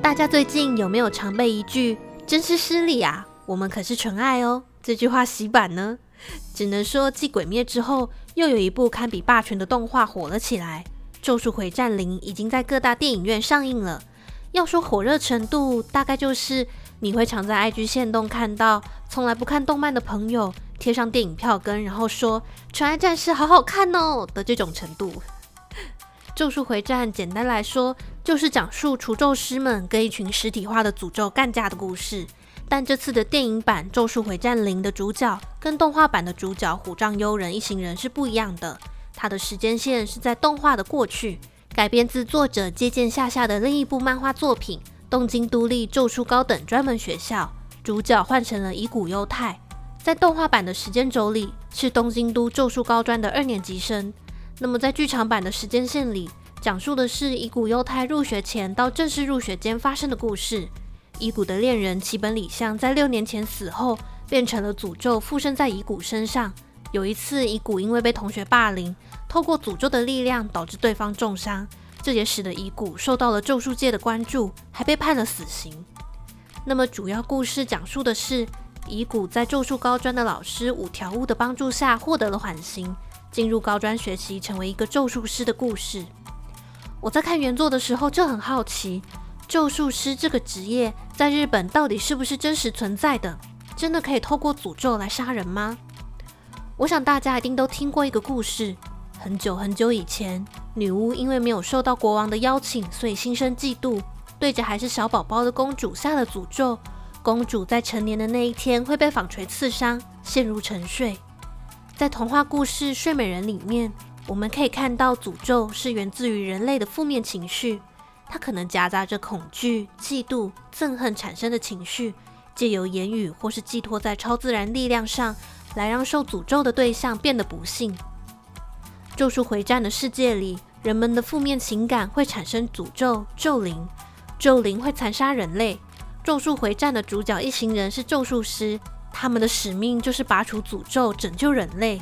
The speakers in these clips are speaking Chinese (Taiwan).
大家最近有沒有常被一句“真是失禮啊，我們可是純愛哦”這句話洗版呢？只能說繼《鬼滅》之後，又有一部堪比霸權的動畫火了起來，《咒術回戰》零已經在各大電影院上映了。要說火熱程度，大概就是你會常在 IG 限動看到從來不看動漫的朋友貼上電影票根，然後說“純愛戰士好好看哦”的這種程度。《咒術回戰》簡單來說，就是講述除咒師們跟一群實體化的詛咒幹架的故事。但這次的電影版《咒術迴戰零》的主角跟動畫版的主角虎杖悠仁一行人是不一樣的。他的時間線是在動畫的過去，改編自作者芥見下下的另一部漫畫作品《東京都立咒術高等專門學校》，主角換成了乙骨憂太。在動畫版的時間軸裡，是東京都咒術高專的二年級生。那麼在劇場版的時間線裡，講述的是乙骨憂太入學前到正式入學間發生的故事。乙骨的戀人齊本里香在六年前死後，變成了詛咒附身在乙骨身上。有一次，乙骨因為被同學霸凌，透過詛咒的力量導致對方重傷，這也使得乙骨受到了咒術界的關注，還被判了死刑。那麼，主要故事講述的是乙骨在咒術高專的老師五條悟的幫助下獲得了緩刑，進入高專學習，成為一個咒術師的故事。我在看原作的時候就很好奇，咒術師這個職業在日本到底是不是真實存在的？真的可以透過詛咒來殺人嗎？我想大家一定都聽過一個故事：很久很久以前，女巫因為沒有受到國王的邀請，所以心生嫉妒，對着還是小寶寶的公主下了詛咒。公主在成年的那一天會被紡錘刺傷，陷入沉睡。在童話故事《睡美人》裡面。我們可以看到，詛咒是源自於人類的負面情緒，它可能夾雜着恐懼、嫉妒、憎恨產生的情緒，借由言語或是寄託在超自然力量上來讓受詛咒的對象變得不幸。《咒術迴戰》的世界裡，人們的負面情感會產生詛咒、咒靈，咒靈會殘殺人類。《咒術迴戰》的主角一行人是咒術師，他們的使命就是拔除詛咒，拯救人類。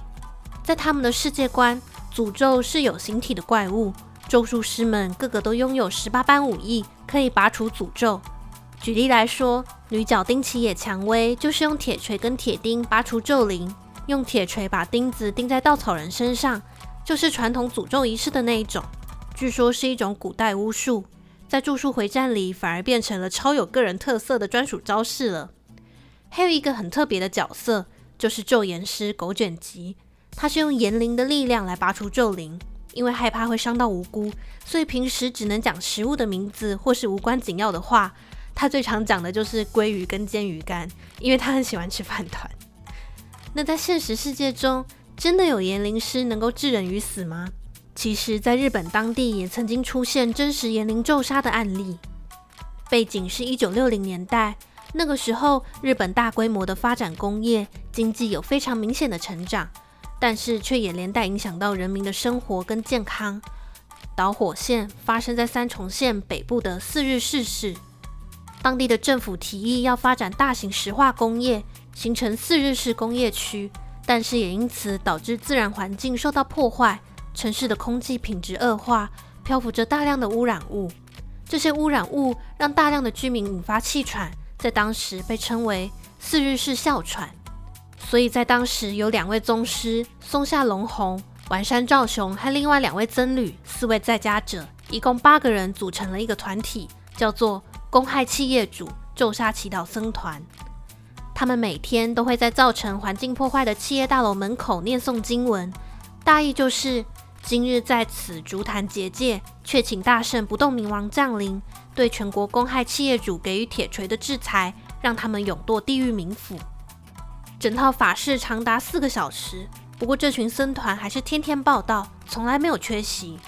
在他們的世界觀，詛咒是有形體的怪物，咒術師們個個都擁有十八般武藝，可以拔除詛咒。舉例來說，女角釘崎野薔薇就是用鐵錘跟鐵釘拔除咒靈，用鐵錘把釘子釘在稻草人身上，就是傳統詛咒儀式的那一種。據說是一種古代巫術，在《咒術回戰》裡反而變成了超有個人特色的專屬招式了。還有一個很特別的角色，就是咒言師狗卷棘。他是用言靈的力量來拔除咒靈，因為害怕會傷到無辜，所以平時只能講食物的名字或是無關緊要的話。他最常講的就是鮭魚跟煎魚乾，因為他很喜歡吃飯糰。 那在現實世界中，真的有言靈師能夠致人於死嗎？其實，在日本當地也曾經出現真實言靈咒殺的案例。背景是一九六零年代，那個時候日本大規模的發展工業，經濟有非常明顯的成長。但是卻也連帶影響到人民的生活跟健康。導火線發生在三重縣北部的四日市市，當地的政府提議要發展大型石化工業，形成四日市工業區，但是也因此導致自然環境受到破壞，城市的空氣品質惡化，漂浮着大量的汙染物。這些汙染物讓大量的居民引發氣喘，在當時被稱為四日市哮喘。所以在當時，有兩位宗師松下隆洪、丸山照雄和另外兩位僧侶，四位在家者，一共八個人組成了一個團體，叫做“公害企業主咒殺祈禱僧，僧團”。他們每天都會在造成環境破壞的企業大樓門口念誦經文，大意就是：“今日在此竹壇結界，卻請大聖不動明王降臨，對全國公害企業主給予鐵錘的制裁，讓他們永墮地獄冥府。”整套法事長達四個小時，不過這群僧團還是天天報到，從來沒有缺席。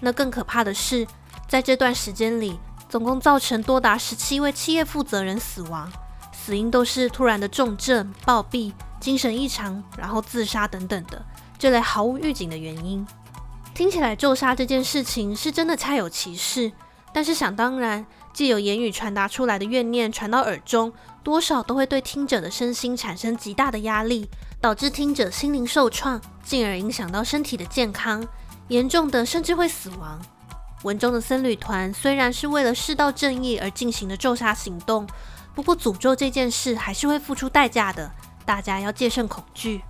那更可怕的是，在這段時間裡，總共造成多達十七位企業負責人死亡，死因都是突然的重症、暴斃、精神異常，然後自殺等等的這類毫無預警的原因。聽起來咒殺這件事情是真的恰有其事，但是想當然，既有言語傳達出來的怨念傳到耳中。多少都會對聽者的身心產生極大的壓力，導致聽者心靈受創，進而影響到身體的健康，嚴重的甚至會死亡。文中的僧侶團雖然是為了世道正義而進行的咒殺行動，不過詛咒這件事還是會付出代價的，大家要戒慎恐懼。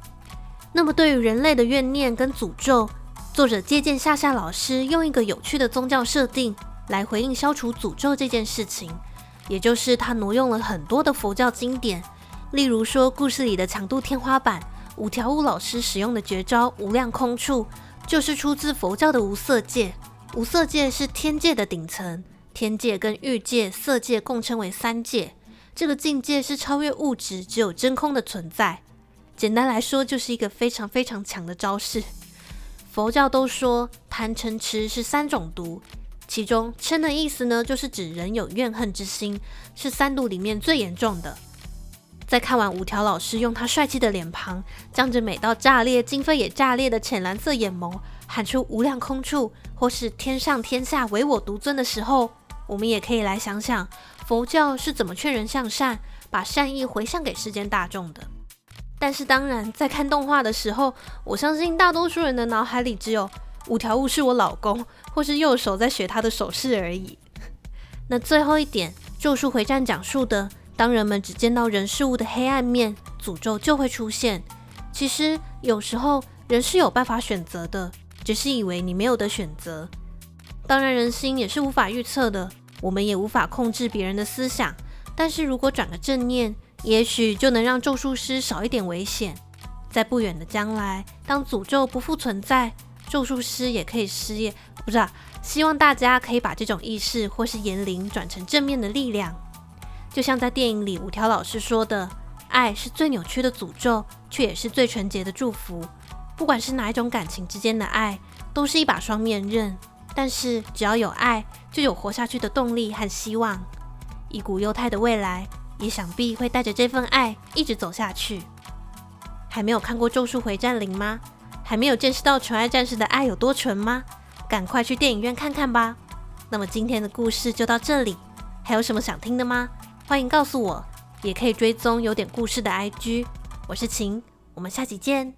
那麼，對於人類的怨念跟詛咒，作者芥見下下老師用一個有趣的宗教設定來回應消除詛咒這件事情，也就是他挪用了很多的佛教經典，例如說故事裡的強度天花板，五條悟老師使用的絕招無量空處，就是出自佛教的無色界。無色界是天界的頂層，天界跟欲界、色界共稱為三界。這個境界是超越物質，只有真空的存在。簡單來說，就是一個非常非常強的招式。佛教都說，貪、嗔、痴是三種毒。其中嗔的意思呢，就是指人有怨恨之心，是三毒裡面最嚴重的。在看完五條老師用他帥氣的臉龐，仗着美到炸裂、經費也炸裂的淺藍色眼眸，喊出無量空處，或是天上天下唯我獨尊的時候，我們也可以來想想佛教是怎麼勸人向善，把善意回向給世間大眾的。但是當然，在看動畫的時候，我相信大多數人的腦海裡只有。五條悟是我老公，或是右手在學他的手勢而已。 那最後一點，咒術迴戰講述的，當人們只見到人事物的黑暗面，詛咒就會出現。其實有時候人是有辦法選擇的，只是以為你沒有得選擇。當然人心也是無法預測的，我們也無法控制別人的思想。但是如果轉個正念，也許就能讓咒術師少一點危險。在不遠的將來，當詛咒不復存在。咒術師也可以失業，不知道。希望大家可以把這種意識或是言靈轉成正面的力量。就像在電影裡五條老師說的：“愛是最扭曲的詛咒，卻也是最純潔的祝福。不管是哪一種感情之間的愛，都是一把雙面刃。但是只要有愛，就有活下去的動力和希望。乙骨憂太的未來，也想必會帶着這份愛一直走下去。還沒有看過《咒術迴戰》0嗎？”還沒有見識到純愛戰士的愛有多純嗎？趕快去電影院看看吧！那麼今天的故事就到這裡，還有什麼想聽的嗎？歡迎告訴我，也可以追蹤有點故事的 IG。我是晴，我們下期見。